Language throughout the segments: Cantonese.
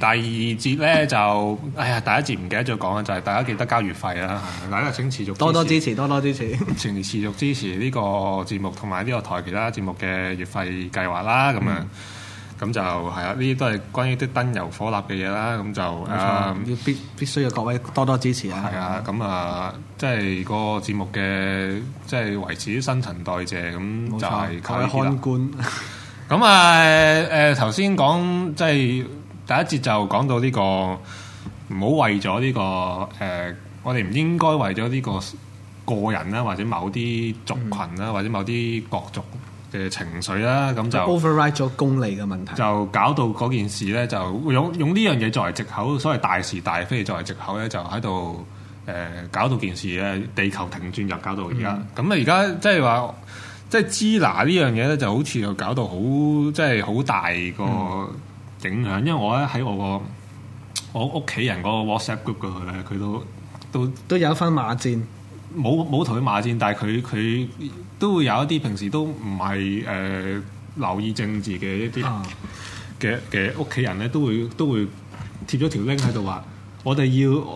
第二節咧就，哎呀，第一節唔記得咗講啦，就係、是、大家記得交月費啦，大家請持續持多多支持，多多支持，請持續支持呢個節目同埋呢個台其他節目嘅月費計劃啦，咁樣、嗯，咁就係啊，呢啲都係關於啲燈油火蠟嘅嘢啦，咁就冇錯、啊、必必須要各位多多支持啊，係啊，咁啊，即係個節目嘅，即係維持啲新陳代謝，咁就係靠各位看官啦。咁啊，誒頭先講即係。第一節就講到呢、呢個唔好為咗呢、呢個誒、呃，我哋唔應該為咗呢個個人啦，或者某啲族群啦，嗯、或者某啲國族嘅情緒啦，咁、嗯、就 override 咗公理嘅問題，就搞到嗰件事咧，就用用呢樣嘢作為藉口，所謂大是大非作為藉口咧，就喺度誒搞到件事咧，地球停轉又搞到而家。咁啊、嗯，而家即係話，即係支那呢樣嘢咧，就，是、就好似就搞到好即係好大個。嗯影響，因為我咧喺我個我屋企人個 WhatsApp group 度咧，佢都都都有份罵戰，冇冇同佢罵戰，但係佢佢都會有一啲平時都唔係誒留意政治嘅一啲嘅嘅屋企人咧，都會都會貼咗條 link 喺度話，我哋要誒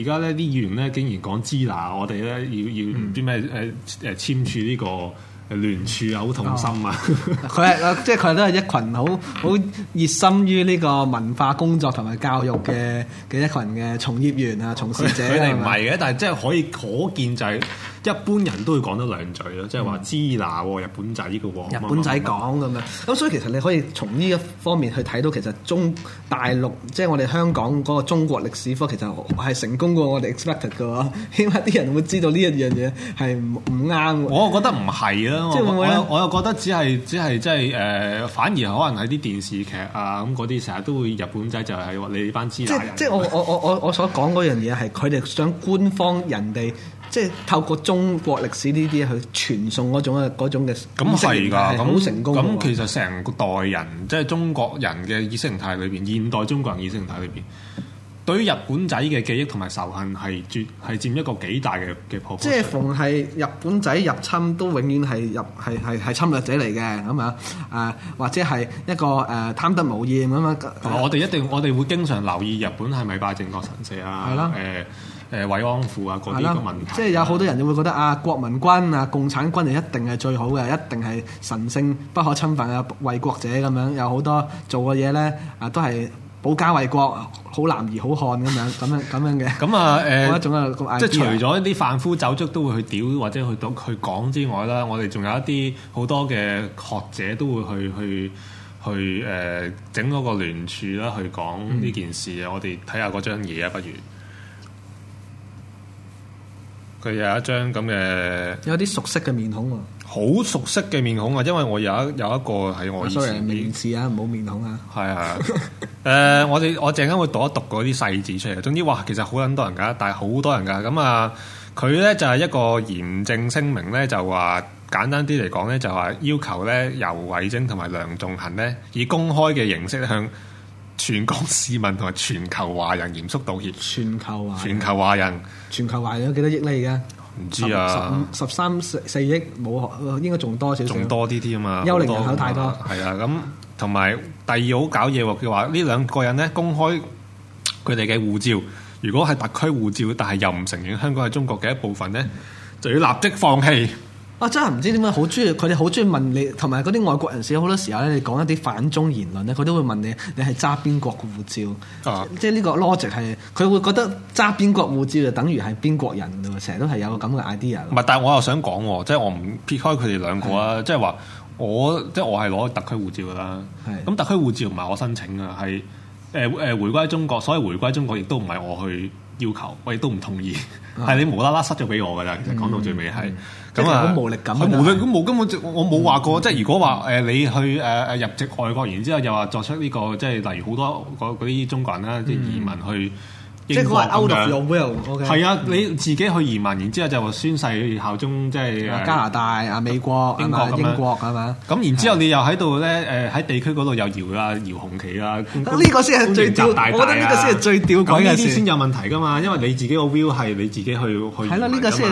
而家咧啲議員咧竟然講支那，我哋咧要要唔知咩誒誒簽署呢個。聯署好痛心啊！佢係即係佢都係一群好好熱心於呢個文化工作同埋教育嘅嘅一群嘅從業員啊、從事者。佢哋唔係嘅，但係即係可以可見就係、是。一般人都會講得兩嘴咯，即係話支那喎，日本仔嘅喎。日本仔講咁樣，咁所以其實你可以從呢一方面去睇到，其實中大陸即係、就是、我哋香港嗰個中國歷史科，其實係成功過我哋 expected 嘅喎。起碼啲人會知道會會呢一樣嘢係唔唔啱。我又覺得唔係啊，我又我又覺得只係只係即係誒，反而可能喺啲電視劇啊咁嗰啲成日都會日本仔就係話你班支那人。即即我我我我我所講嗰樣嘢係佢哋想官方人哋，即係透過中國歷史呢啲去傳送嗰種啊，種嘅咁係噶，咁咁、嗯嗯嗯嗯、其實成個代人，即係中國人嘅意識形態裏邊，現代中國人意識形態裏邊，對於日本仔嘅記憶同埋仇恨係絕係佔一個幾大嘅嘅。即係逢係日本仔入侵，都永遠係入係係係侵略者嚟嘅，咁咪啊？誒、啊，或者係一個誒貪、啊、得無厭咁樣。我哋一定我哋會經常留意日本係咪拜靖國神社的啊？係、呃、啦，誒。誒，慰、呃、安婦啊，嗰啲的個問題，即係有好多人就會覺得啊，國民軍啊，共產軍嚟一定係最好嘅，一定係神聖不可侵犯啊，為國者咁樣，有好多做嘅嘢咧啊，都係保家衛國，好男兒好漢咁樣，咁樣咁樣嘅。咁 啊，呃、有，即係除咗一啲凡夫走卒都會去屌或者去講去講之外啦，我哋仲有一啲好多嘅學者都會去去去誒、呃、整嗰個聯署啦，去講呢件事啊。我哋睇下嗰張嘢啊，不如、啊。佢有一張咁嘅，有啲熟悉嘅面孔喎、哦，好熟悉嘅面孔啊，因為我有一有一個喺我面前。相似啊，冇面孔啊，係啊，誒、 呃，我哋我陣間會讀一讀嗰啲細字出嚟。總之，哇，其實好撚多人㗎、啊，但係好多人㗎咁啊。佢、嗯、咧、啊、就係、是、一個嚴正聲明咧，就話簡單啲嚟講咧，就話要求咧，游蕙禎同埋梁頌恆咧以公開嘅形式向全港市民同埋全球華人嚴肅道歉。全球華人，全球華人，全球華人有幾多億嚟嘅？唔知啊，十，十三四四億冇，應該仲多少少。仲多啲啲啊嘛，幽靈人口太多。係啊，咁同埋第二好搞嘢喎。佢話呢兩個人呢，公開佢哋嘅護照，如果係特區護照，但係又唔承認香港係中國嘅一部分呢，就要立即放棄。啊！真係唔知點解好中意佢哋好中意問你，同埋嗰啲外國人士好多時候咧，你講一啲反中言論咧，佢都會問你，你係揸邊國嘅護照？啊，即係呢個 logic 係佢會覺得揸邊國護照就等於係邊國人，成日都係有個咁嘅 idea。唔係，但係我又想講喎，即係我唔撇開佢哋兩個啊的，即係話我即係我係攞特區護照㗎啦。咁的，特區護照唔係我申請㗎，係誒誒回歸中國，所以回歸中國亦都唔係我去。要求，我亦都唔同意，係、啊、你無啦啦塞咗俾我㗎啦。其實講到最尾係，咁啊，好無力感，佢冇根本冇，根本就我冇話過。嗯、即係如果話誒、呃、你去誒誒、呃、入籍外國，然之後又話作出呢、呢個，即係例如好多嗰啲中國人啦，嗯、即係移民去。即係佢個 out of your will，okay，係啊！你自己去移民，然之後就話宣誓效忠，即係加拿大、啊美國、英國、英國係嘛？咁然之後你又喺度咧誒喺地區嗰度又搖啊搖紅旗啦！呢個先係最吊，我覺得呢個先係最吊鬼嘅先有問題噶嘛？因為你自己個 view 係你自己去去。係咯，呢個先。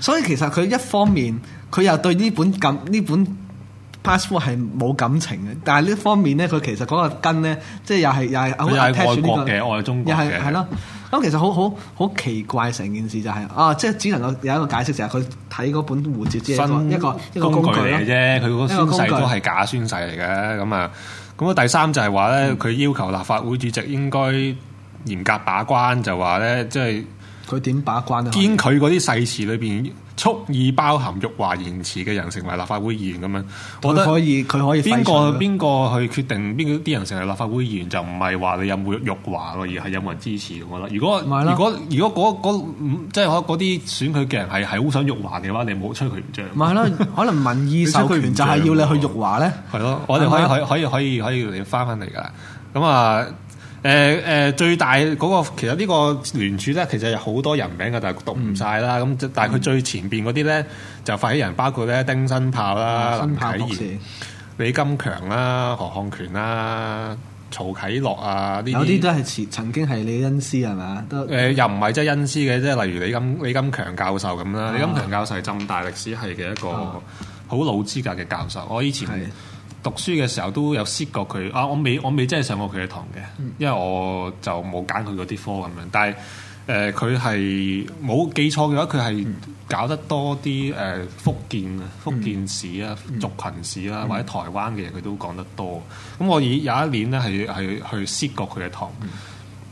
所以其實佢一方面，佢又對呢本咁呢本。password 係冇感情嘅，但係呢方面咧，佢其實嗰個根咧，即係又係又係。佢係愛國嘅，愛中國嘅是。係咯的，咁其實好好好奇怪成件事就係、是，啊，即係只能夠有一個解釋就係佢睇嗰本護照只係一個一個工具嚟啫，佢嗰宣誓都係假宣誓嚟嘅。咁啊，咁啊，第三就係話咧，佢、嗯、要求立法會主席應該嚴格把關，就話咧，即係佢點把關啊？堅佢嗰啲誓詞裏邊。蓄意包含辱華言辭嘅人成為立法會議員咁樣，我覺得可以，佢可以。邊個邊個去決定邊啲人成為立法會議員就唔係話你有冇辱華咯，而係有冇人支持。我覺得如果如果如果嗰即係嗰啲選佢嘅人係係好想辱華嘅話，你冇吹佢唔脹。唔係啦， 可能民意授權就係要你去辱華咧。係咯， 我哋可以吧可以可以可以可以你翻翻嚟噶。咁啊。誒誒、呃，最大嗰、那個其實呢個聯署咧，其實有好多人名嘅，但係讀唔晒啦。咁、嗯、但係佢最前邊嗰啲咧，就發起人包括咧，丁新豹啦、嗯、林啟賢、李金強啦、何漢權啦、曹啟樂啊，呢啲有啲都係曾曾經係你恩師係嘛？誒、呃、又唔係即係恩師嘅，即係例如李金李金強教授咁啦。李金強教授係、啊、浸大歷史系嘅一個好老資格嘅教授。啊、我以前，讀書嘅時候都有識過佢啊。我未我未真係上過佢嘅堂嘅，因為我就冇揀佢嗰啲科咁樣。但係誒，佢係冇記錯嘅話，佢係搞得多啲誒福建啊、福建史啊、嗯、族群史啦，嗯、或者台灣嘅嘢，佢都講得多。咁、嗯、我以有一年咧係係去識過佢嘅堂，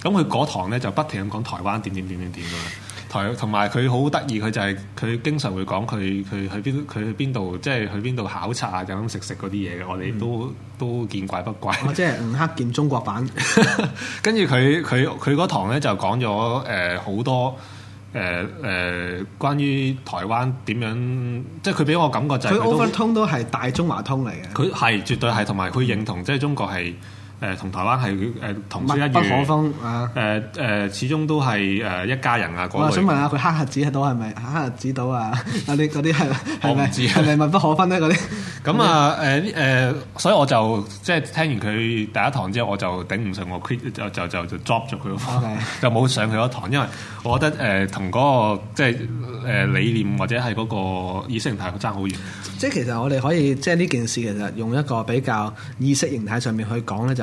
咁佢嗰堂咧就不停咁講台灣點點點點點㗎啦。怎樣怎樣怎樣怎樣台同埋佢好得意，佢就係、是、佢經常會講佢佢去邊佢去邊度，即係去邊度考察啊，就咁食食嗰啲嘢嘅，我哋都、嗯、都見怪不怪、哦。我即係吳克儉中國版 ，跟住佢佢佢嗰堂咧就講咗誒好多誒誒、呃呃、關於台灣點樣，即係佢俾我感覺就係佢嗰個通都係大中華通嚟嘅。佢係絕對係，同埋佢認同即係、嗯、中國係。誒同台灣係誒同出一語，誒誒始終都係誒一家人啊！我想問下佢黑盒子喺度係咪黑盒子到啊？嗰啲嗰啲係咪？ 是係咪密不，不，不可分咧嗰啲？咁、嗯、那啊誒誒、啊啊啊，所以我就即係、就是、聽完佢第一堂之後，我就頂唔順，我 quit 就就就就 drop 咗佢咯，就冇 Okay. 上佢嗰堂，因為我覺得誒同嗰個即係誒理念或者係嗰個意識形態爭好遠。即係其實我哋可以即係呢件事其實用一個比較，比較意識形態上面去講咧，就。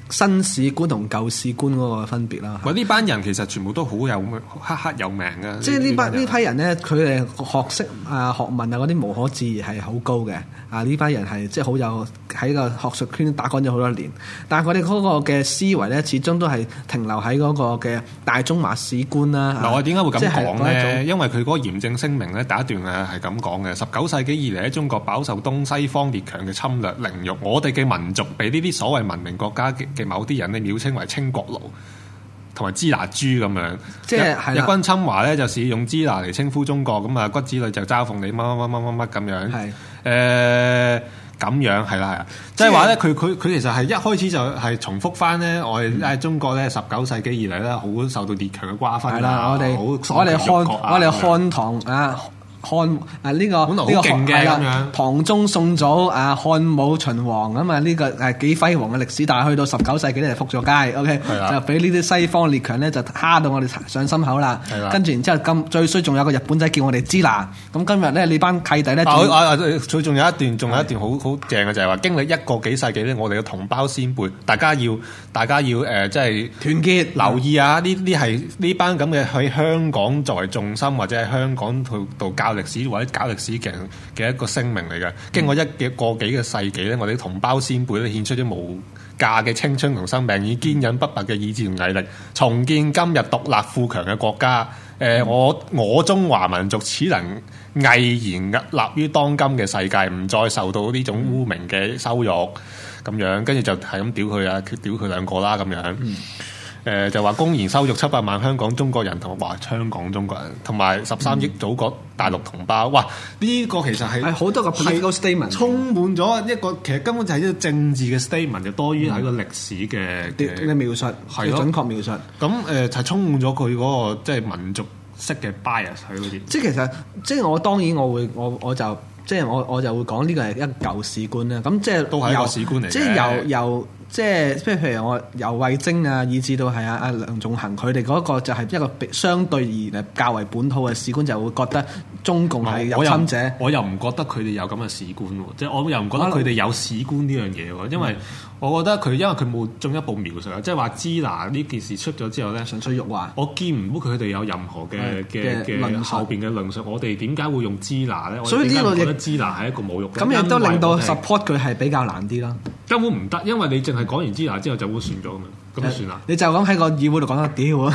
新史觀同舊史觀嗰個分別啦，喂，呢班人其實全部都好有名，赫赫有名嘅。即係呢班呢批人咧，佢哋學識啊、學問啊嗰啲無可置疑係好高嘅。啊，呢班人係即係好有喺個學術圈打滾咗好多年，但係佢哋嗰個嘅思維咧，始終都係停留喺嗰個嘅大中華史觀啦。嗱，我點解會咁講咧？因為佢嗰個嚴正聲明咧，第一段啊係咁講嘅。十九世紀以嚟喺中國飽受東西方列強嘅侵略凌辱，我哋嘅民族俾呢啲所謂文明國家嘅某啲人咧蔑稱為清國奴，同埋支那豬咁樣，即係係日軍侵華咧，就使用支那嚟稱呼中國咁啊，骨子裏就嘲諷你乜乜乜乜乜咁樣，係誒咁樣係啦係，即係話咧，佢佢佢其實係一開始就係重複翻咧，我誒中國咧十九世紀以嚟咧好受到列強嘅瓜分啦，我哋我哋漢我哋漢唐啊。漢啊，呢個呢個係啊，唐宗宋祖啊，漢武秦王，咁啊呢個誒幾輝煌嘅歷史，但係去到十九世紀咧，就覆咗街，OK 就俾呢啲西方列強咧，就蝦到我哋上心口啦。係啦，跟住然之後咁，最衰仲有個日本仔叫我哋支那。咁今日咧呢班契弟咧，最仲有一段，仲有一段好好正嘅，就係話經歷一個幾世紀咧，我哋嘅同胞先輩，大家要大家要誒，即係團結。留意下呢，呢係呢班咁嘅喺香港作為重心或者係香港度度歷史或者搞歷史嘅嘅一個聲明嚟嘅。嗯、經過一個幾個世紀咧，我啲同胞先輩都獻出啲無價嘅青春同生命，以堅韌不拔嘅意志同毅力，重建今日獨立富強嘅國家。誒、呃，我我中華民族只能毅然屹立於當今嘅世界，唔再受到呢種污名嘅羞辱。咁樣，跟住就係咁屌佢啊，屌佢兩個啦，咁樣。嗯誒、呃、就話公然侮辱七百萬香港中國人同埋香港中國人同埋十三億祖國大陸同胞，哇！呢、這個其實係好多個係個 statement，是充滿咗一個其實根本就係一個政治嘅 statement，就多於係一個歷史嘅嘅、嗯、描述，嘅的準確描述。咁、嗯呃、就係、是、充滿咗佢嗰個即係、就是、民族式嘅 bias 喺嗰啲。即係其實，即係我當然我會我我就即係我我就會講呢個係一舊史觀咧。咁即係都係一個史觀嚟，即係又又。即係即係，譬如我由慧貞啊，以至到係啊啊梁仲恒佢哋嗰個，就係一個相對而嚟較為本土嘅史觀，就會覺得中共係入侵者。我，我又唔覺得佢哋有咁嘅史觀喎，即係我又唔覺得佢哋有史觀呢樣嘢喎，因為我覺得佢因為佢冇進一步描述啊，即係話支那呢件事出咗之後咧，想出玉話，我見唔到佢哋有任何嘅嘅嘅後邊嘅論述。我哋點解會用支那咧？所以呢個支那係一個侮辱。咁亦為都令到 support 佢係比較難啲啦。根本唔得，因為你淨係。講完支那之後就會算咗咁樣。咁就算啦，你就咁喺個議會度講得屌啊，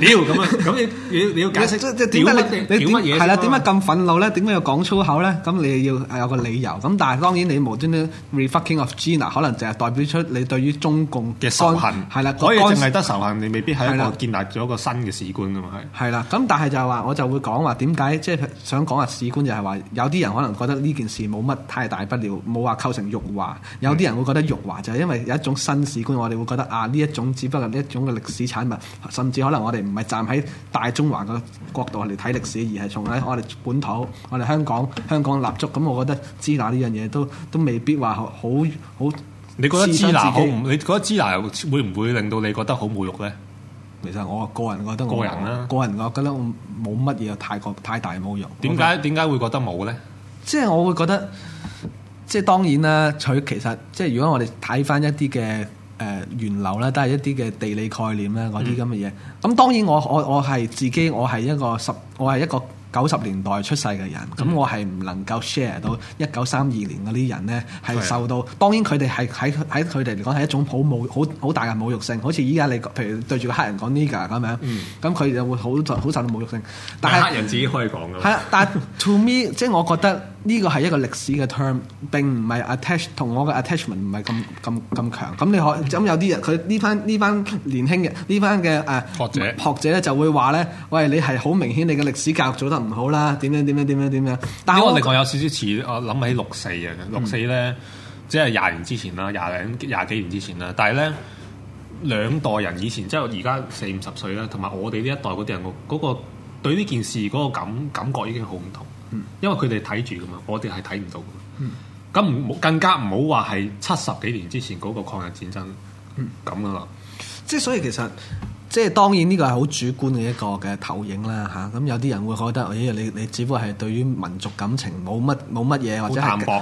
屌咁啊，咁你你要解釋即即點解，解你你屌乜嘢？係啦，點解咁憤怒咧？點解要講粗口咧？咁你要有個理由。咁但係當然你無端端 Re-fucking of Chee-na 可能就係代表出你對於中共嘅仇恨。係啦，所、嗰個、以淨係得仇恨，你未必係一個建立咗一個新嘅史觀噶嘛係。係啦，咁但係就係、是、話我就會講話點解即係想講話史觀就係、是、話有啲人可能覺得呢件事冇乜太大不了，冇話構成辱華。有啲人會覺得辱華就係、是、因為有一種新史觀，我哋會覺得啊。呢、啊、一種只不過係一種嘅歷史產物，甚至可能我哋唔係站喺大中華嘅角度嚟睇歷史，而係從喺我哋本土、我哋香港、香港立足。咁、嗯、我覺得支那呢樣嘢都都未必話好好。你覺得支那會會你覺得支那會唔會令到你覺得好侮辱呢？其實我個人覺得個人啦、啊，個人我覺得冇乜嘢，太過太大侮辱。點解點解會覺得冇呢？即係我會覺得，即係當然啦。佢其實即係如果我哋睇翻一啲嘅。誒、呃、源流啦，都係一啲嘅地理概念啦，嗰啲咁嘅嘢。咁、嗯、當然我我我係自己，我係一個十，我係一個。九十年代出世嘅人，咁、嗯、我係唔能夠 share 到一九三二年嗰啲人咧，係受到的當然佢哋係喺喺佢哋嚟講係一種好冇好好大嘅侮辱性，好似依家你譬如對住個黑人講 Nigger 咁樣，咁佢、嗯、就會好好受到侮辱性。嗯、但係是黑人自己可以講㗎。係啦是， 但係 to me 即係我覺得呢個係一個歷史嘅 term，並唔係 attach 同我嘅 attachment 唔係咁咁咁強，咁你可咁、嗯、有啲人佢呢班呢班年輕嘅呢班嘅誒學者學者咧就會話咧，喂你係好明顯你嘅歷史教育做得。唔好啦，點樣點樣點樣點樣？但我，因為我另外有少少似我諗起六四啊，嗯、六四咧，即係廿年之前啦，廿零廿幾年之前啦。但係咧，兩代人以前即係而家四五十歲啦，同埋我哋呢一代嗰啲人，嗰、嗰個對呢件事嗰個感感覺已經好唔同。因為佢哋睇住噶嘛，我哋係睇唔到噶嘛。嗯，咁唔更加唔好話係七十幾年之前嗰個抗日戰爭咁噶咯。嗯、即係所以其實。即係當然呢個係好主觀嘅一個嘅投影啦嚇，咁、啊、有啲人會覺得咦、哎、你你只不過係對於民族感情冇乜冇乜嘢或者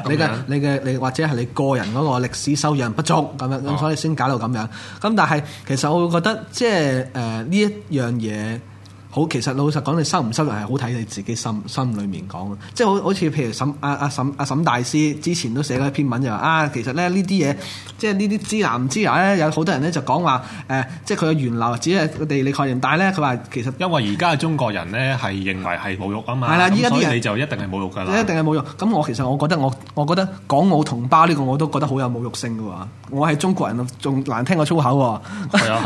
你嘅你嘅你、你或者係你個人嗰個歷史修養不足咁樣咁、哦、所以先搞到咁樣。咁但係其實我會覺得即係誒呢一樣嘢。好，其實老實講，你收唔收入係好睇你自己心心裏面講咯。即係好好似譬如沈阿阿、啊、沈阿、啊、沈大師之前都寫過一篇文，就話啊，其實咧呢啲嘢，即係呢啲支那支那咧，有好多人咧就講話誒，即係佢嘅源流只係個地理確認，但係咧佢話其實因為而家嘅中國人咧係認為係侮辱啊嘛，係啦，依家啲人你就一定係侮辱㗎啦，一定係侮辱。咁我其實我覺得我我覺得港澳同胞呢、這個我都覺得好有侮辱性㗎喎。我係中國人仲難聽過粗口喎、啊。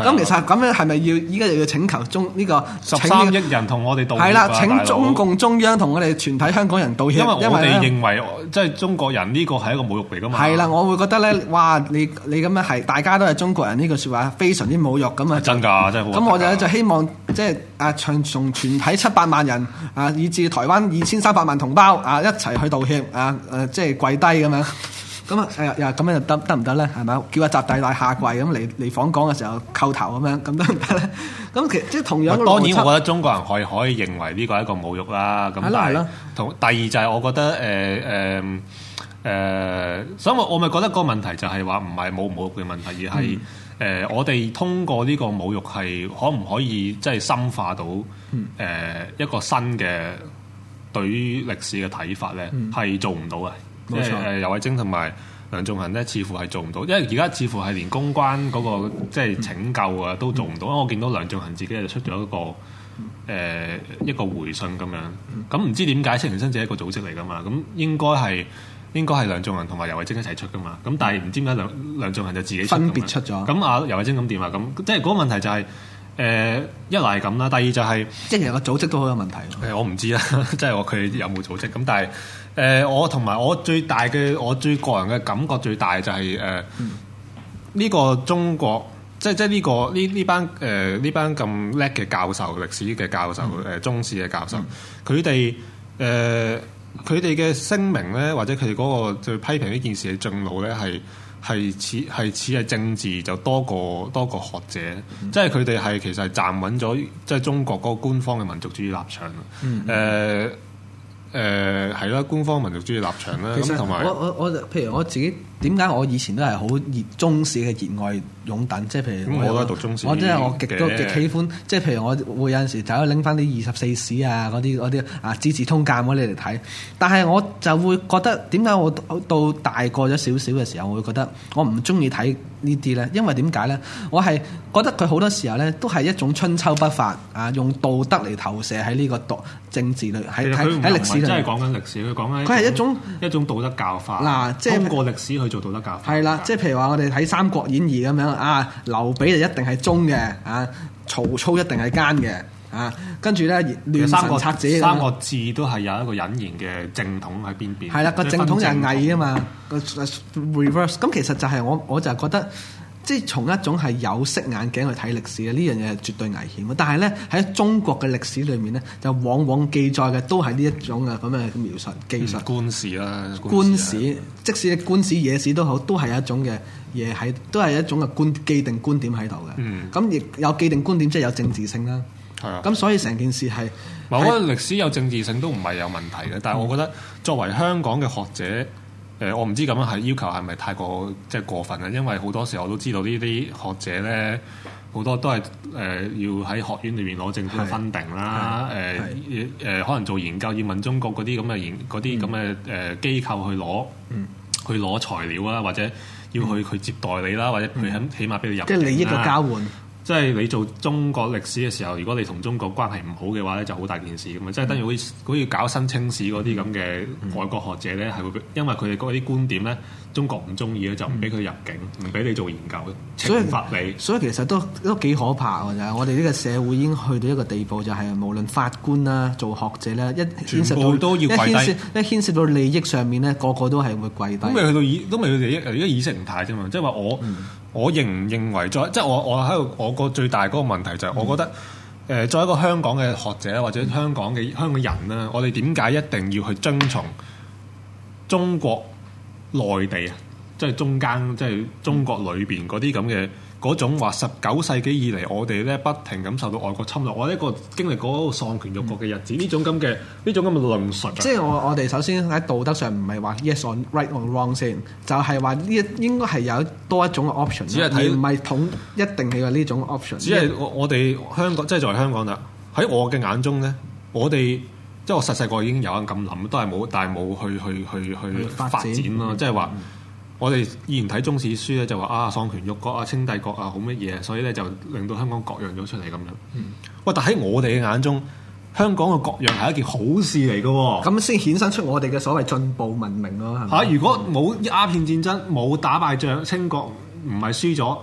咁其實咁樣係咪要依家又要請求中、這、呢個？億人同我哋道歉、啊。係啦，請中共中央同我哋全體香港人道歉。因為我哋認為即係中國人呢個係一個侮辱嚟噶嘛。係啦，我會覺得咧，哇！你你咁樣係大家都係中國人呢個說話，非常之侮辱咁就啊！真㗎，真係。咁我就就希望即係啊，從、就是、從全體七百萬人啊，以至台灣二千三百萬同胞啊，一齊去道歉啊，誒、呃，即、就、係、是、跪低咁樣。咁啊，誒又咁樣就得得唔得咧？係咪？叫阿習大大下跪咁嚟嚟訪港嘅時候，叩頭咁樣，咁得唔得咧？咁 其實即係同樣嘅邏輯。當然，我覺得中國人可以可以認為呢個係一個侮辱啦。咁但係同、嗯嗯、第二就係我覺得誒誒誒，所以我我咪覺得個問題就係話唔係冇侮辱嘅問題，而係誒、呃、我哋通過呢個侮辱係可唔可以即係深化到誒、嗯呃、一個新嘅對於歷史嘅睇法咧？係做唔到嘅。即係誒，游蕙禎同埋梁頌恆咧，似乎係做唔到，因為而家似乎係連公關嗰、那個即係、就是、拯救啊，都做唔到。嗯、因為我見到梁頌恆自己就出咗一個誒、呃、一個回信咁樣。咁唔知點解，青年新政只係一個組織嚟噶嘛？咁應該係應該係梁頌恆同埋游蕙禎一齊出噶嘛？咁但係唔知點解梁梁頌恆就自己分別出咗。咁啊，游蕙禎咁點呀咁，即係嗰個問題就係、是、誒、呃、一嚟係咁啦，第二就係、是、即係其實個組織都好有問題、呃。我唔知啦，即係我佢有冇組織咁，但係。誒、呃、我同埋我最大嘅我最個人嘅感覺最大就係，誒呢個中國即即呢、這個呢呢班誒呢班咁叻嘅教授歷史嘅教授，誒中史嘅教授，佢哋誒佢哋嘅聲明咧，或者佢哋嗰個對批評呢件事嘅進路咧，係係似係似係政治就多過多過學者，嗯、即係佢哋係其實係站穩咗即係中國嗰個官方嘅民族主義立場啊、嗯嗯誒係咯，官方民族主義立場啦，咁同埋我有我我，譬如我自己點解我以前都係好熱衷史嘅熱愛。勇等，即係譬如咁我都讀中史，我真係我極都 OK 極喜歡，即係譬如我會有陣時走去拎翻啲二十四史啊，嗰啲嗰啲啊《資治通鑑》嗰啲嚟睇。但係我就會覺得點解我到大個咗少少嘅時候，我會覺得我唔中意睇呢啲咧？因為點解咧？我係覺得佢好多時候咧都係一種春秋筆法啊，用道德嚟投射喺呢個獨政治裏，喺喺喺歷史裏。佢唔係真係講緊歷史，佢講緊佢係一種一種，一種道德教化，嗱、啊，即係通過歷史去做道德教化。係啦、啊，即係譬如話我哋睇《三國演義》咁樣。啊！劉備就一定係忠嘅，啊！曹操一定係奸嘅，啊！跟住咧亂三國拆子，三國字都係有一個隱形嘅正統喺邊邊。係啦的，個正統就係偽啊嘛，個、啊、reverse。咁 re 其實就係我我就覺得，即係從一種係有色眼鏡去睇歷史嘅呢樣嘢係絕對危險。但係咧喺中國嘅歷史裏面咧，就往往記載嘅都係呢一種嘅咁嘅描述。記官史啦，官史、啊啊，即使官史野史都好，都係一種嘅。嘢喺都係一種嘅觀既定觀點喺度嘅，咁亦、嗯、有既定觀點，即係有政治性啦。係啊，咁所以成件事係，我覺得歷史有政治性都唔係有問題嘅。但係我覺得作為香港嘅學者，誒、嗯呃、我唔知咁樣係要求係咪太過即係過分咧？因為好多時候我都知道呢啲學者咧，好多都係誒、呃、要喺學院裏面攞政府嘅 funding 啦，誒誒、呃呃呃、可能做研究要問中國嗰啲咁嘅研啲咁嘅誒機構去攞，嗯、去攞材料啦或者。要去去接待你啦，嗯、或者佢起碼俾你入。即係利益嘅交換。即係你做中國歷史嘅時候，如果你同中國關係唔好嘅話咧，就好大件事咁啊！即係等於好似好似搞新清史嗰啲咁嘅外國學者咧，係會、嗯、因為佢哋嗰啲觀點咧。中國唔中意咧，就唔俾佢入境，唔俾、嗯、你做研究所以，罰你，所以其實都都幾可怕，就係我哋呢個社會已經去到一個地步、就是，就係無論法官啦、做學者啦，一牽涉到全部都要跪低。一牽、一牽涉到利益上面咧，個個都係會跪低。都未去到意，都未去到一，係意識形態啫嘛。即係話我，嗯、我唔認、認為在，即係我我喺度，我個最大嗰個問題就係、是，嗯、我覺得、呃、作為一個香港嘅學者或者香港嘅香港人啦，我哋點解一定要去遵從中國？內地啊，即係中間，即係中國裏邊嗰啲咁嘅嗰種話，十九世紀以嚟我哋咧不停咁受到外國侵略，我哋一個經歷過一個喪權辱國嘅日子，呢、嗯、種咁嘅呢種咁嘅論述。即係我我哋首先喺道德上唔係話 yes or right or wrong 先，就係話呢一應該係有多一種嘅 option，只唔係統一定係有呢種 option。只係我我哋香港，為即係在香港啦。喺我嘅眼中咧，我哋。即係我細細個已經有人咁諗，都係冇，但係冇去去去去發展咯。即係話，嗯、我哋以前睇《中史書》咧，就話啊，喪權辱國啊，清帝國啊，好乜嘢，所以咧就令到香港割讓咗出嚟咁樣。喂、嗯，但喺我哋嘅眼中，香港嘅割讓係一件好事嚟噶，咁先衍生出我哋嘅所謂進步文明咯。係咪？吓、啊，如果冇鴉片戰爭，冇打敗仗，清國唔係輸咗？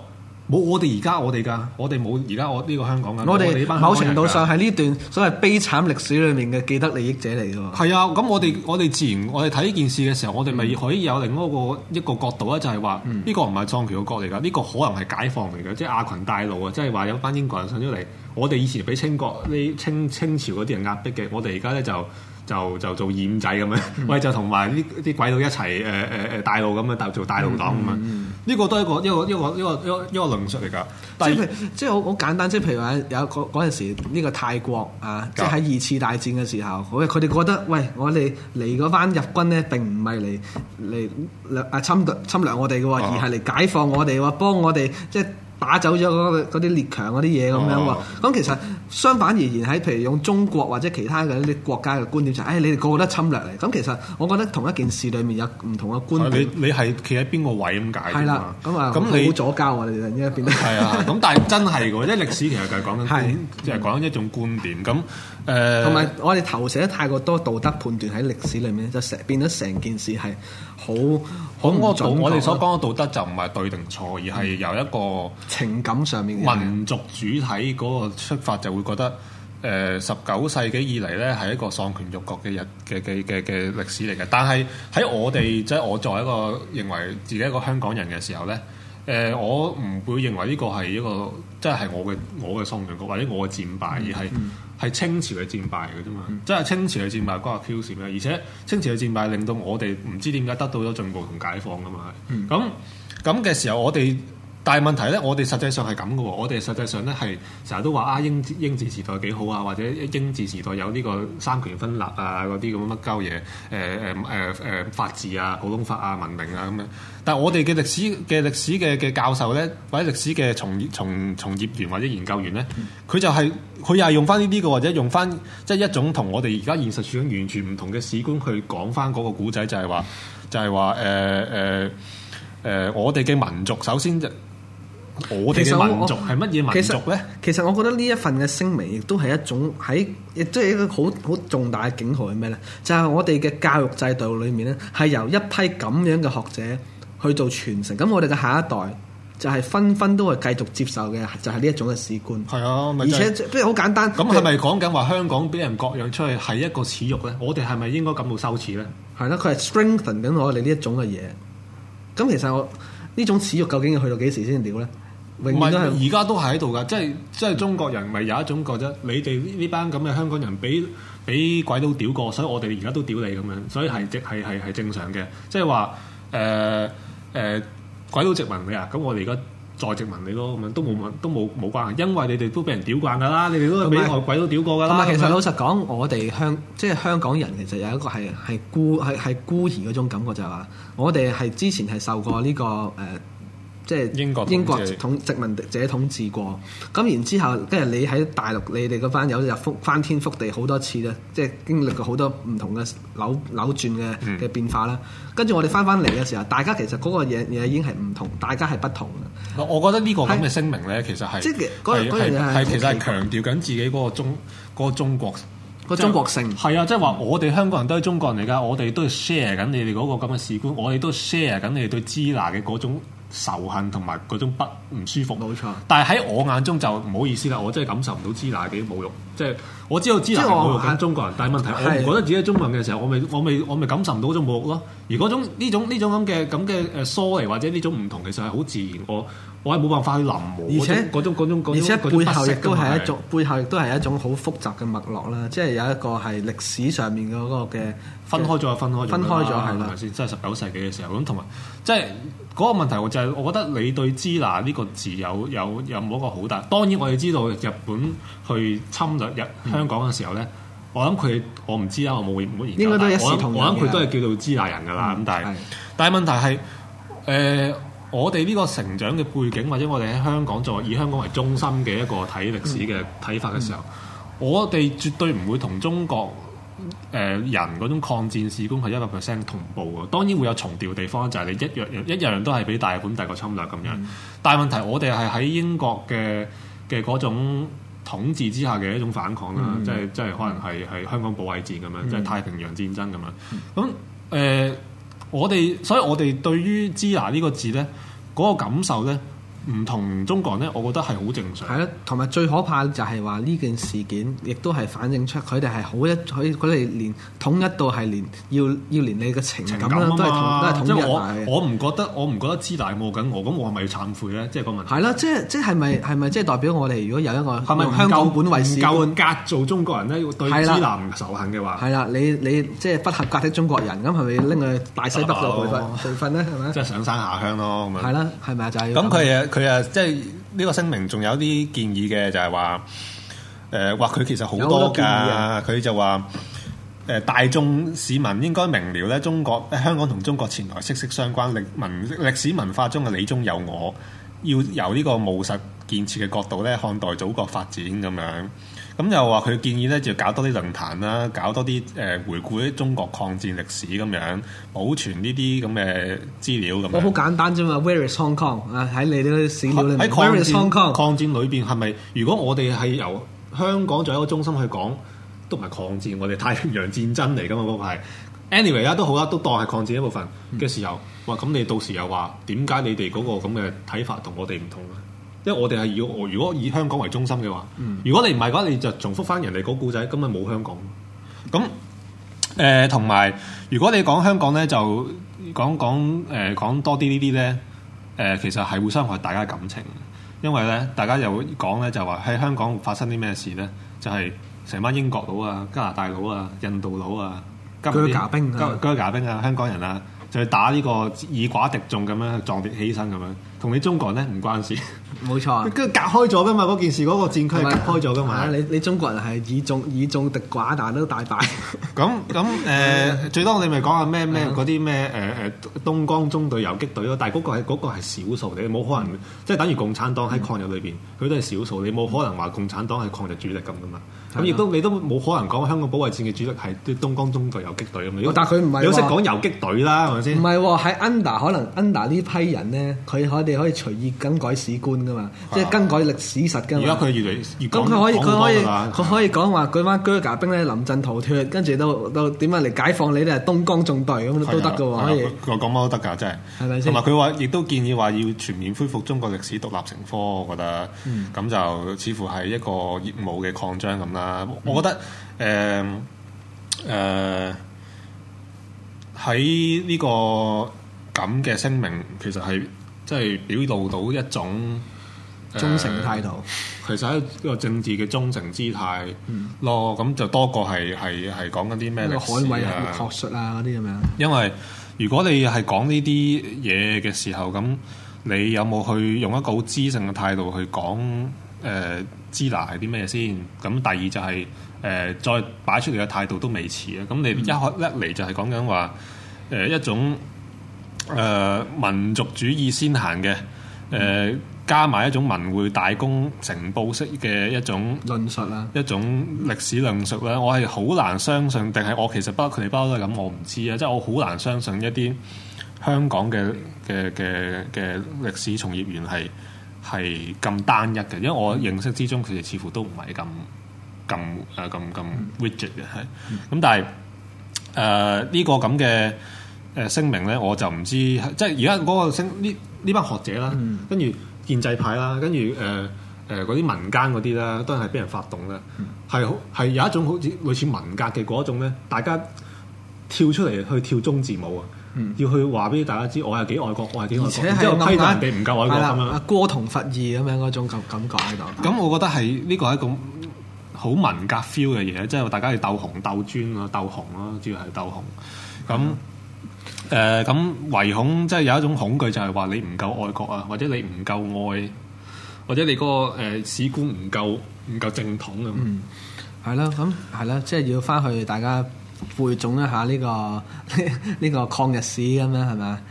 冇我哋而家我哋噶，我哋冇而家我呢個香港噶。我哋某程度上係呢段所謂悲慘歷史裏面嘅既得利益者嚟嘅喎。係啊，咁我哋、嗯、我哋自然我哋睇呢件事嘅時候，我哋咪可以有另一個、嗯、一個角度咧，就係話呢個唔係藏權嘅國嚟㗎，呢、這個可能係解放嚟㗎，即係阿群帶路啊！即係話有班英國人上咗嚟，我哋以前俾清國呢清清朝嗰啲人壓迫嘅，我哋而家咧就。就就做僢仔咁樣，喂 就同埋啲啲鬼佬一齊誒誒誒大路咁樣，做大路黨咁啊！呢、嗯嗯嗯嗯嗯這個都一個一、這個一、這個一、這個一、這個一個論述嚟㗎。即係即係好好簡單，即係譬，譬如話有嗰嗰陣時呢、這個泰國啊，即係喺二次大戰嘅時候，佢佢哋覺得喂，我哋嚟嗰班日軍咧並唔係嚟嚟侵侵略我哋嘅，而係嚟解放我哋喎，幫我哋即係。打走咗嗰啲列強嗰啲嘢咁樣喎，咁、哦、其實相反而言喺譬如用中國或者其他嘅啲國家嘅觀點就係、是，唉、哎，你哋個個都侵略嚟，咁其實我覺得同一件事裡面有唔同嘅觀點。啊、你你係企喺邊個位咁解？係啦，咁你啊好左膠啊你哋呢一邊。係啊的，咁 但係真係嘅，即係歷史其實就係講緊，即係講緊一種觀點咁。嗯同埋我哋投射得太過多道德判斷喺歷史裏面，就成變咗成件事係好好我哋所講嘅道德就唔係對定錯，而係由一個情感上面、民族主體嗰個出發，就會覺得誒十九世紀以嚟咧係一個喪權辱國嘅日嘅嘅嘅歷史嚟嘅。但係喺我哋即係我作為一個認為自己一個香港人嘅時候咧。誒、呃，我唔會認為呢個係一個即係我嘅我嘅喪盡國，或者我嘅戰敗，而係係清朝嘅戰敗嘅啫嘛。即係、嗯、清朝嘅戰敗關我 Q 線咩？而且清朝嘅戰敗令到我哋唔知點解得到咗進步同解放噶嘛。咁咁嘅時候，我哋。但係問題咧，我哋實際上係咁嘅喎，我哋實際上咧係成日都話啊英英治時代幾好啊，或者英治時代有呢個三權分立啊，嗰啲咁乜鳩嘢誒誒誒誒法治啊、普通法啊、文明啊咁樣。但係我哋嘅歷史嘅歷史嘅嘅教授咧，或者歷史嘅從從從業員或者研究員咧，佢就係佢又係用翻呢啲嘅，或者用翻即係一種同我哋而家現實處境完全唔同嘅史觀去講翻嗰個古仔，就係話就係話誒誒誒，我哋嘅民族首先就。我哋嘅民族係乜嘢民族咧？其實我覺得呢一份嘅聲明，亦都係一種喺，亦都係一個好好重大嘅警號係咩咧？就係、是、我哋嘅教育制度裏面咧，係由一批咁樣嘅學者去做傳承，咁我哋嘅下一代就係紛紛都係繼續接受嘅，就係呢一種嘅史觀。係啊，不是就是、而且即係好簡單。咁係咪講緊話香港俾人割讓出去係一個恥辱咧？我哋係咪應該感到羞恥咧？係啦、啊，佢係 strengthen 緊我哋呢一種嘅嘢。咁其實我。呢種恥辱究竟要去到幾時先屌咧？永遠都係而家都係喺度噶，即係即係中國人，咪有一種覺得你哋呢班咁嘅香港人俾俾鬼佬屌過，所以我哋而家都屌你咁樣，所以係即係係係正常嘅，即係話誒誒鬼佬殖民你啊，咁我哋而家。在殖民你咯，咁樣都冇問，都冇冇關係，因為你哋都俾人屌慣噶啦，你哋都俾外鬼都屌過噶啦。唔係有，是是其實老實講，我哋香即係香港人，其實有一個係係孤係係孤兒嗰種感覺就係、是、話，我哋係之前係受過呢、這個誒。呃即係英國統英國殖民者統治過，咁 然之後，即係你喺大陸，你哋嗰班友就翻天覆地好多次啦。即係經歷過好多唔同嘅扭扭轉嘅嘅變化啦。跟住、嗯、我哋翻翻嚟嘅時候，大家其實嗰個嘢已經係唔同，大家係不同嘅。我覺得呢個咁嘅聲明咧，是其實係即其實係強調緊自己嗰個中嗰、那個、中國個中國性係、就是、 啊，即係話我哋香港人都係中國人嚟㗎，我哋都 share 緊你哋嗰個咁嘅史觀，我哋都 share 緊你哋對支那嘅嗰種。仇恨同埋嗰種不唔舒服，冇錯。但係喺我眼中就唔好意思啦，我真係感受唔到支那嘅侮辱。即係我知道支那侮辱緊中國人，嗯、但係問題我唔覺得自己係中國人嘅時候，我咪我咪我咪感受唔到嗰種侮辱咯。而嗰種呢種呢種咁嘅咁嘅誒疏離或者呢種唔同，其實係好自然我。我係冇辦法去諗，而且嗰種嗰種嗰種，種種而且背後亦都係一種背後亦都係一種好、嗯、複雜嘅脈絡啦。即係有一個係歷史上面嗰個嘅分開咗，就分開咗，係咪先？即係十九世紀嘅時候咁，同埋即係嗰個問題就係，我覺得你對支那呢個字有有有冇一個好大？當然我哋知道日本去侵略日香港嘅時候咧、嗯，我諗佢我唔知啊，我冇冇而家，我我諗佢都係叫做支那人噶啦。咁、嗯、但係的但係問題係誒。呃我哋呢個成長嘅背景，或者我哋喺香港做以香港為中心嘅一個睇歷史嘅睇法嘅時候，嗯嗯、我哋絕對唔會同中國誒人嗰種抗戰史觀係一百 percent 同步嘅。當然會有重調地方，就係、是、你一樣一樣都係俾大日本帝國侵略咁樣。但係、嗯、問題我哋係喺英國嘅嘅嗰種統治之下嘅一種反抗啦、嗯，即係即係可能係係香港保衞戰咁樣，即係、嗯、太平洋戰爭咁樣。咁誒。我哋，所以我哋對於支那呢個字咧，嗰、那個感受咧。唔同中國人咧，我覺得係好正常。係 咯，同、嗯、埋最可怕就係話呢件事件，亦都係反映出佢哋係好一，可佢哋連統一到係連要要連你嘅情感都、啊、嘛，即一,一我。我唔覺得我唔覺得支那冇冒緊我，咁我係咪要懺悔咧？即、就、係、是、個問題。係啦，即係即係咪係咪即係代表我哋如果有一個係咪香港本位史觀唔夠格做中國人咧？要對支那仇恨嘅話係啦，你你即係、就是、不合格的中國人，咁係咪要拎佢大西北度培訓培訓咧？係、嗯、咪？即係上山下鄉咯，咁樣係啦，係咪就係咁佢佢啊，即係呢個聲明仲有啲建議嘅，就係、是、話，誒、呃，話佢其實好多建議啊，佢就話，誒、呃，大眾市民應該明了咧，中國、香港同中國前代息息相關，歷文歷史文化中嘅你中有我，要由呢個務實建設嘅角度咧，看待祖國發展咁樣。咁又話佢建議咧，就搞多啲論壇啦，搞多啲誒回顧啲中國抗戰歷史咁樣，保存呢啲咁嘅資料咁。好簡單啫嘛 Where is Hong Kong？ 啊，喺你啲史料裏面。喺、啊、抗，抗戰抗戰裏邊係咪？如果我哋係由香港做一個中心去講，都唔係抗戰，我哋太平洋戰爭嚟噶嘛嗰、嗰個係。Anyway 而家都好啦，都當係抗戰一部分嘅、嗯、時候。哇，咁你到時又話點解你哋嗰個咁嘅睇法我同我哋唔同咧？因為我哋係要，如果以香港為中心嘅話，嗯、如果你唔係嘅話，你就重複翻人哋嗰個故仔，根本冇香港。咁誒同埋，如果你講香港咧，就講講誒、呃、講多啲呢啲咧，誒、呃、其實係會傷害大家嘅感情。因為咧，大家又講咧就話喺香港發生啲咩事咧，就係成班英國佬啊、加拿大佬啊、印度佬啊、啹喀兵、啹喀兵啊、香港人啊，就打呢個以寡敵眾咁樣撞跌起身咁樣。同你中國人咧唔關事，冇錯啊，隔開咗噶嘛，嗰件事嗰個戰區係隔開咗噶嘛。你你中國人係以眾以眾敵寡，但都大敗。咁咁誒，呃、 最多你咪講下咩咩嗰啲咩誒誒東江中隊游擊隊咯。但係嗰個係嗰個係少數你冇可能即係等於共產黨喺抗日裏邊，佢、嗯、都係少數，你冇可能話共產黨係抗日主力咁噶嘛。咁亦、嗯、都你都冇可能講香港保衞戰嘅主力係啲東江中隊游擊隊咁。但係佢唔係你識講游擊隊啦，係咪先？唔係喎，喺 under 可能 under 呢批人咧，佢可你可以隨意更改史觀噶嘛？啊、即係更改歷史實噶嘛？而家佢越嚟越講咁佢、嗯、可以佢可以佢、啊、可以講話，佢班居吉兵咧臨陣逃脫，跟住都都點啊嚟解放你咧？東江縱隊咁、啊、都得噶喎，可以講乜、啊、以都得噶，真係，係咪先？同埋佢話，亦都建議話要全面恢復中國歷史獨立成科，我覺得咁、嗯、就似乎係一個業務嘅擴張咁啦。嗯、我覺得誒誒喺呢個咁嘅聲明其，其實係。即係表露到一種忠誠嘅態度，呃、其實喺一個政治嘅忠誠姿態、嗯、咯。咁就多過係係係講緊啲咩？個海綿學術啊嗰啲咁樣。因為如果你係講呢啲嘢嘅時候，咁你有冇去用一個好知性嘅態度去講？誒、呃，支那係啲咩先？咁第二就係、是、誒、呃，再擺出嚟嘅態度都未遲啊！咁你一開一嚟就係講緊話誒一種。誒、呃、民族主義先行嘅，誒、呃、加埋一種文匯大公成報式嘅一種論述啦，一種歷史論述咧，嗯、我係好難相信，定係我其實包括佢哋包都係咁，我唔知啊！即、就、係、是、我好難相信一啲香港嘅嘅嘅嘅歷史從業員係係咁單一嘅，因為我認識之中，佢哋似乎都唔係咁咁誒咁咁 rigid 嘅係。咁但係誒呢個咁嘅。誒聲明咧，我就唔知，即係而家嗰個聲呢呢班學者啦，跟住、嗯、建制派啦，跟住誒誒嗰啲民間嗰啲啦，都係俾人發動啦，係係、嗯、有一種好似類似文革嘅嗰一種咧，大家跳出嚟去跳中字舞啊，嗯、要去話俾大家知我係幾愛國，我係幾愛國，之後批人哋唔夠愛國咁樣、啊，哥同、啊、佛義咁樣嗰種感感覺喺度。咁是我覺得係呢個係一個好文革 feel 嘅嘢，即係大家要鬥紅鬥專咯，鬥紅咯，主要係鬥紅咁。誒咁、呃、唯恐即係有一種恐懼，就係話你唔夠愛國啊，或者你唔夠愛，或者你、嗰個誒、呃、史觀唔夠唔夠正統咁。嗯，係咯，咁係咯，即係要翻去大家背誦一下呢、呢個呢 個抗日史咁樣係咪？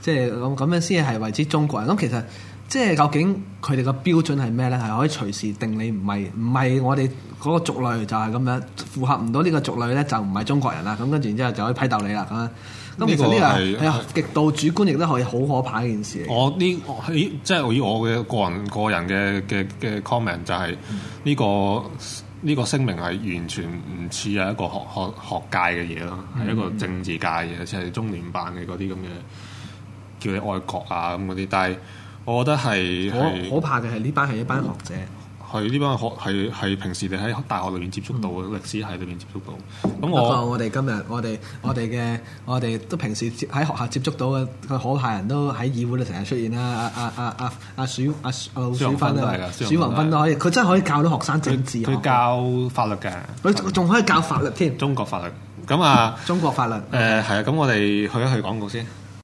即係咁咁樣先係為之中國人。咁其實即係究竟佢哋個標準係咩咧？係可以隨時定你唔係唔係我哋嗰個族類就，就係咁樣符合唔到呢個族類咧，就唔係中國人啦。咁跟住然之後就可以批鬥你啦咁。咁其實呢個係係極度主觀，亦都可以好可怕一件事。我呢喺即係以我嘅個人個人嘅嘅嘅 comment 就係、是、呢、嗯呢個呢、呢個聲明係完全唔似係一個學學學界嘅嘢咯，係一個政治界嘅嘢，似係、嗯、中聯辦嘅嗰啲咁嘅叫你愛國啊咁嗰啲。但係我覺得係可可怕嘅係呢班係一班我學者。係呢班學係係平時你喺大學裏面接觸到嘅歷史喺裏面接觸到，咁我我哋今日我哋我哋嘅我哋都平時接喺學校接觸到嘅。佢可怕人都喺議會度成日出現啦，阿阿阿阿阿小阿阿梁美芬啊梁美芬都可以，佢真係可以教到學生政治，佢教法律㗎，佢仲可以教法律添，中國法律。咁啊，中國法律，誒係啊，咁我哋去一去廣告先。